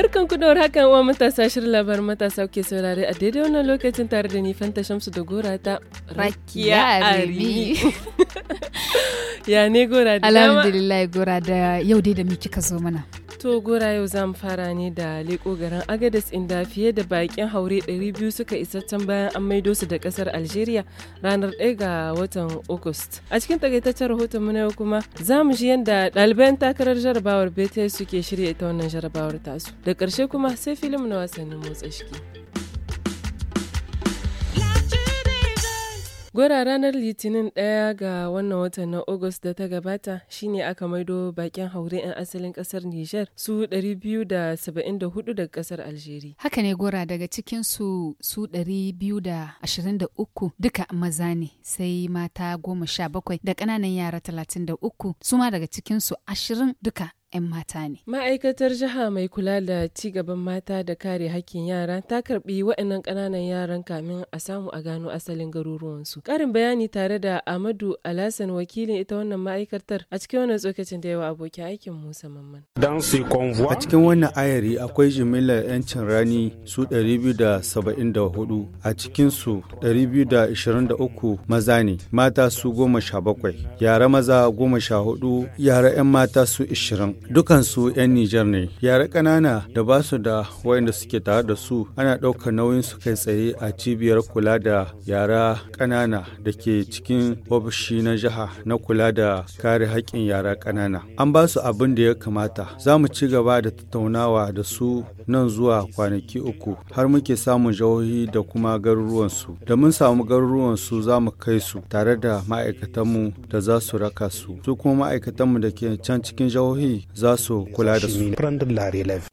Barkan ku da hakan wa matasa shirin labarin matasa ke saurare a daidai wannan lokacin tare da ni Fanta Shamsu da Gora ta Rakiya Arimi. ya ne Gora da Alhamdulillah Gora da yau dai da me kika zo mana. To gora yau za mu fara ne da leko garin Agadez inda fiye da bakin haure 200 suka isa can bayan an maido su da kasar Algeria ranar 1 ga watan August. A cikin takaitaccen rahoton mu na yau kuma za mu ji yadda ɗaliban takarar jarabawar BTS suke shirya ita wannan jarabawar tasu. Da ƙarshe kuma sai filim na wasannin motsa shiki. Gora ranar Litinin ɗaya ga wannan watan na August da ta gabata shine aka maido bakin haure 'yan asalin ƙasar Nijar su 274 daga ƙasar Algeria. Haka ne gora daga cikin su su 223 duka maza ne sai mata bakwai da ƙananan yara 33 su ma daga cikin su 20 duka 'yan mata ne. Ma'aikatar jiha mai kula da ci gaban mata da kare hakkin yara ta karbi waɗannan ƙananan yaran kamin a samu a gano asalin garuruwansu. karin bayani tare da Amadu Alhassan wakilin ita wannan ma'aikatar a cikin wannan tsokacin da yawa abokin aikin Musa Mamman. A cikin wannan ayari akwai jimillar 'yancin rani su 274 a cikinsu 223 maza ne mata su 17 yara maza 14 yara 'yan mata su 20 dukansu 'yan Nijar ne. Yare ƙanana da ba su da wayanda suke tare da su ana ɗaukar nauyin su kai tsaye a cibiyar kula da yara ƙanana da ke cikin ofishi na jiha na kula da kare haƙƙin yara ƙanana. An ba su abin da ya kamata. Za mu ci gaba da tattaunawa da su nan zuwa kwanaki uku har muke samun jihohi da kuma garuruwansu. Da mun samu garuruwansu za mu kai su tare da ma'aikatanmu da za su raka su. Su kuma ma'aikatanmu da ke can cikin jihohi za su kula da su.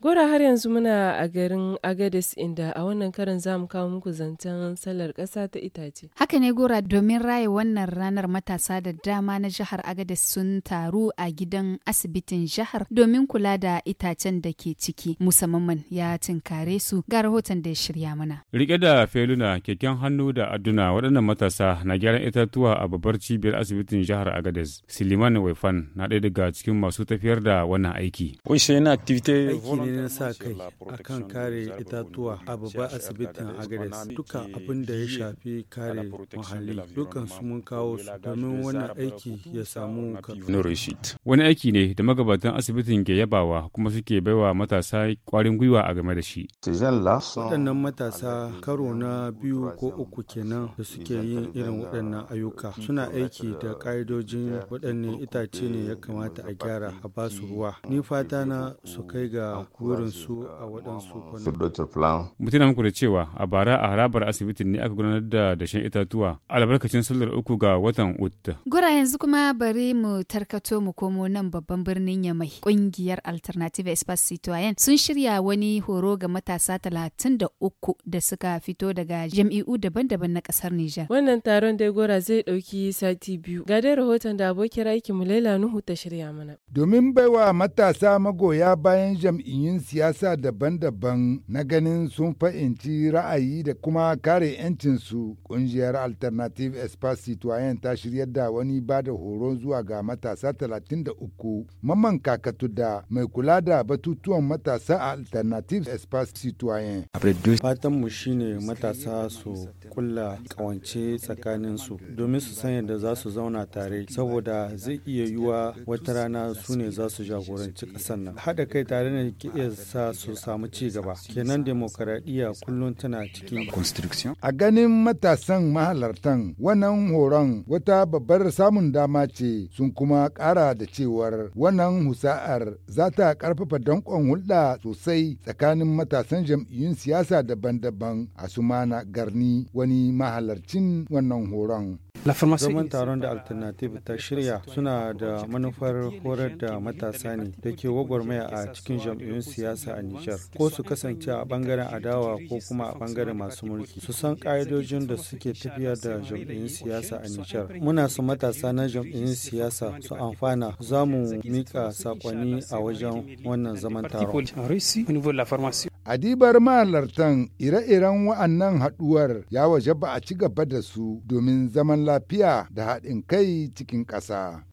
Gora har yanzu muna a garin agadis inda a wannan karin za mu kawo muku zancen sallar ƙasa ta itace. Haka ne Gora domin raye wannan ranar matasa da dama na jihar agadis sun taru a gidan asibitin jihar domin kula da itacen da ke ciki. Musamman ya tinkare su ga rahoton da ya shirya mana. Rike da feluna, keken hannu da aduna waɗannan matasa na gyaran itatuwa a babbar cibiyar asibitin jihar Agadez. Siliman Waifan na ɗaya daga cikin masu tafiyar da wannan aiki? Aiki ne na sa kai a kan kare itatuwa a babban asibitin Agades. Dukkan abin da ya shafi kare muhalli dukkan su mun kawo su domin wannan aiki ya samu Wani aiki ne da magabatan asibitin ke yabawa kuma suke baiwa matasa kwarin gwiwa a game da shi. Waɗannan matasa karo na biyu ko uku kenan da suke yin irin waɗannan ayyuka suna aiki da ƙa'idojin waɗanne itace ne ya kamata a gyara a basu ni fata na su kai ga su a waɗansu mutum na muku da cewa a bara a harabar asibitin ne aka gudanar da dashen itatuwa albarkacin sallar uku ga watan ut gura yanzu kuma bari mu tarkato mu komo nan babban birnin yamai ƙungiyar alternative espace citoyen sun shirya wani horo ga matasa talatin da uku da suka fito daga jam'i'u daban-daban na ƙasar nijar wannan taron dai gora zai ɗauki sati biyu ga dai rahoton da abokin aikinmu laila nuhu ta shirya mana domin baiwa wa matasa magoya bayan jam'iyyun siyasa daban-daban na ganin sun fa'inci ra'ayi da kuma kare 'yancinsu ƙungiyar alternative espace citoyen ta shiryar da wani ba da horon zuwa ga matasa 33 mamman kakatu da mai kula da batutuwan matasa a alternative espace citoyen. fatanmu shine matasa su kulla kawance tsakaninsu domin su san yadda za su zauna tare saboda zai iya yiwuwa wata rana su ne za su jagoranci ƙasar nan haɗa kai tare ne ke iya sa su samu ci gaba kenan demokaradiyya kullum tana cikin construction a ganin matasan mahalartan wannan horon wata babbar samun dama ce sun kuma ƙara da cewar wannan husa'ar za ta ƙarfafa danƙon hulɗa sosai tsakanin matasan jam'iyyun siyasa daban-daban a sumana garni wani mahalarcin wannan horon zaman taron da alternative ta shirya suna da manufar horar da matasan. matasa da ke gwagwarmaya a cikin jam'iyyun siyasa a Nijar ko su kasance a bangaren adawa ko kuma a bangaren masu mulki su san ƙa'idojin da suke tafiyar da jam'iyyun siyasa a Nijar. Muna su matasa na jam'iyyun siyasa su amfana za mu mika sakonni a wajen wannan zaman taron. Adibar mahalartan ire-iren wa'annan haɗuwar ya waje ba a ci gaba da su domin zaman lafiya da haɗin kai cikin ƙasa.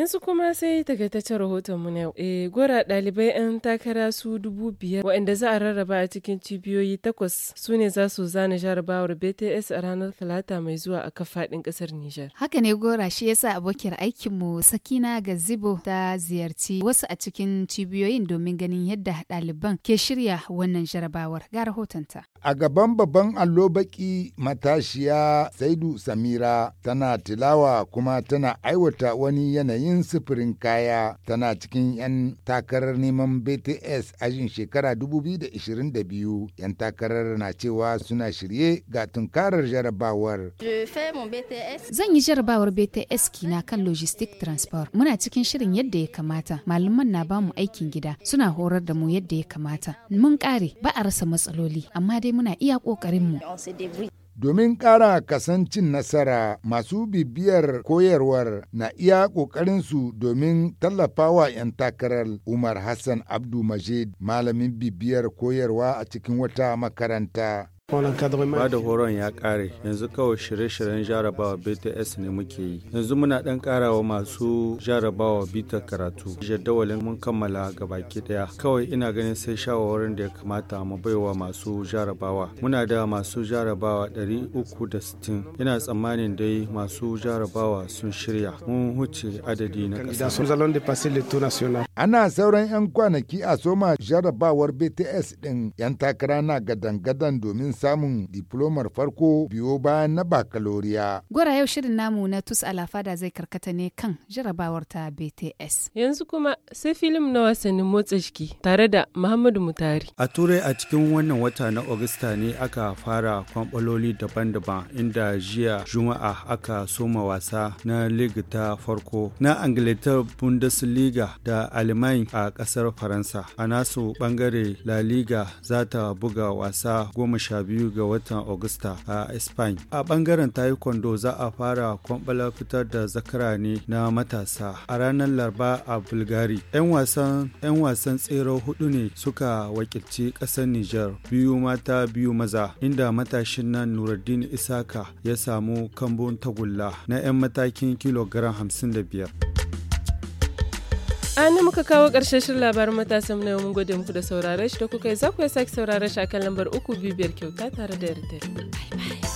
Yanzu kuma sai takaitaccen rahotonmu na yau. E, gora ɗalibai 'yan takara su dubu biyar waɗanda za a rarraba a cikin cibiyoyi takwas su ne za su zana jarabawar BTS a ranar Talata mai zuwa a kafaɗin ƙasar Nijar. Haka ne gora shi yasa abokiyar aikinmu Sakina Gazibo ta ziyarci wasu a cikin cibiyoyin domin ganin yadda ɗaliban ke shirya wannan jarabawar. Ga rahotonta. A gaban babban allo baki matashiya Saidu Samira tana tilawa kuma tana aiwata wani yanayin sufurin kaya tana cikin 'yan takarar neman BTS ajin shekara 2022 'yan takarar na cewa suna shirye ga tunkarar jarabawar. Zan yi jarabawar BTS kina kan logistic transport. Muna cikin shirin yadda ya kamata. Malaman na bamu aikin gida suna horar da mu yadda ya kamata. Mun kare ba a rasa matsaloli amma dai muna iya ƙoƙarinmu. Domin ƙara kasancin nasara masu bibiyar koyarwar na iya su domin tallafawa 'yan takarar Umar Hassan Abdu Majid malamin bibiyar koyarwa a cikin wata makaranta. ba da horon ya kare yanzu kawai shirye-shiryen jarabawa bts ne muke yi yanzu muna dan karawa masu jarabawa bita karatu jadawalin mun kammala baki daya kawai ina ganin sai shawarwarin da ya kamata mu baiwa masu jarabawa muna da masu jarabawa 360 ina tsammanin dai masu jarabawa sun shirya mun huce adadi na kasa ana sauran 'yan kwanaki a soma jarabawar bts din 'yan takara na gadan-gadan domin samun diplomar farko biyo bayan na bakaloriya. Gwara yau shirin namu na Tus Alafada zai karkata ne kan jarabawar ta BTS. Yanzu kuma sai filim na wasannin motsa jiki tare da Muhammadu Mutari. A Turai a cikin wannan wata na ogusta ne aka fara kwamfaloli daban-daban inda jiya Juma'a aka soma wasa na ligi ta farko na Angletar Bundesliga da Alemany a ƙasar Faransa. A nasu ɓangare La Liga za ta buga wasa goma sha biyu ga watan Agusta a Spain. A bangaren taekwondo za a fara kwamɓala fitar da zakara ne na matasa a ranar Larba a Bulgari. 'Yan wasan 'yan tsero hudu ne suka wakilci ƙasar Nijar, biyu mata biyu maza, inda matashin nan Nuruddin Isaka ya samu kambun tagulla na 'yan matakin kilogram 55. Ani muka kawo ƙarshen shirin labarin matasan na yau mun gode muku da saurare shi da kuka yi za ku sake saurare shi a kan lambar uku biyu biyar kyauta tare da yarda. Bye bye.